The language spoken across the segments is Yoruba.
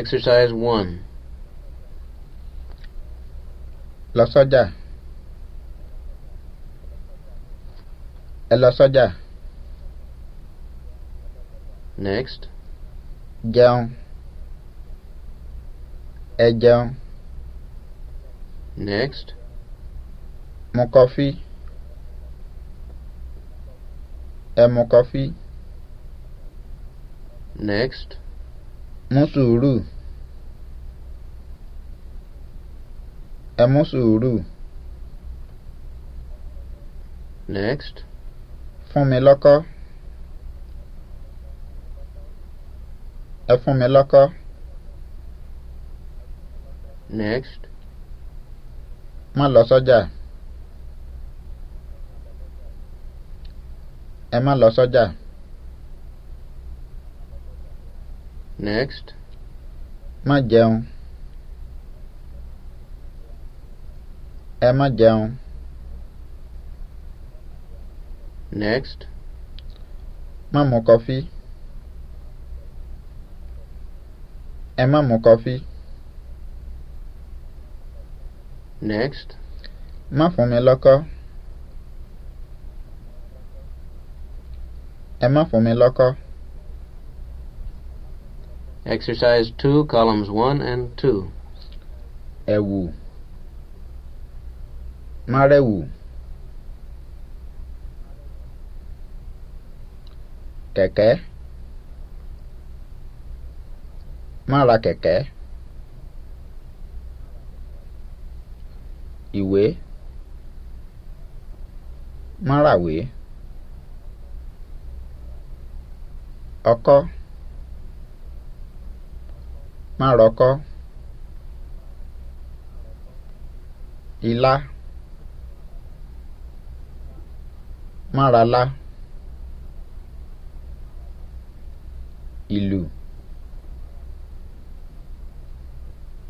Exercise 1. Lọ sọ́jà. Ẹ lọ sọ́jà. Next. Jẹun. Ẹ jẹun. Next. Mon coffee. Ẹ mon coffee. Next. mú sùúrù ẹ mú sùúrù. next. fún mi lọ́kọ́. ẹ fún mi lọ́kọ́. next. má lọ sọ́jà. ẹ má lọ sọ́jà. So Next. Má é Ẹ má Next. Má mu kọfí. Ẹ má mu kọfí. Next. ma fún mi lọ́kọ́. Ẹ má fún Exercise 2, columns 1 and 2. Ewu. Marewu. Kẹ̀kẹ́. Mara kẹ̀kẹ́. Ìwé. Mara ràwé. Ọkọ́. Maroko, Ilá, Máralá, Ìlú,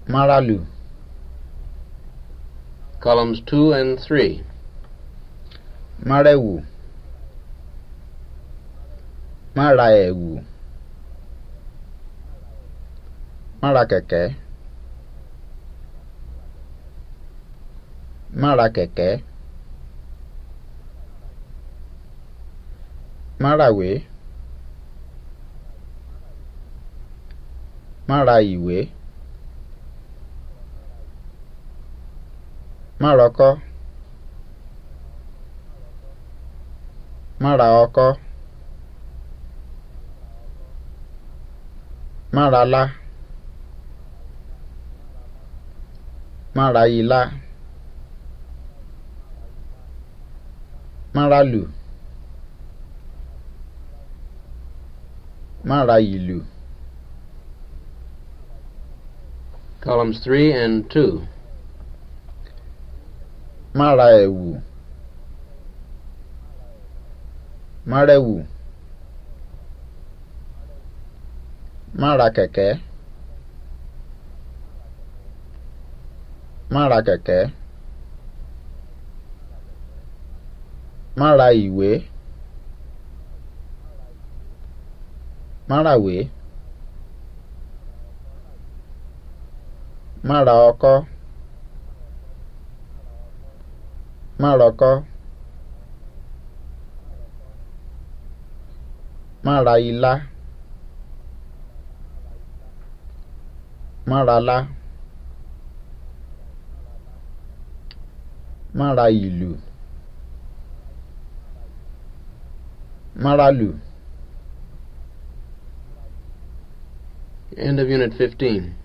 Máràlú. Columns 2 and 3. Márẹ̀wù, Máràẹ̀wù. má ra kẹ̀kẹ́ má ra kẹ̀kẹ́ má ìwé má ìwé má ọkọ́ má ọkọ́ má ra lá. mára ilá mára lù mára ìlù. Columns three and two. Mára ẹ̀wù. Márẹ̀wù. Mára kẹ̀kẹ́. Má ra kẹ̀kẹ́. Má ra ìwé. Má ra ìwé. Má ra ọkọ́. Má ra ọkọ́. Má ra ilá. Má ra lá. maraílu maralu end of unit 15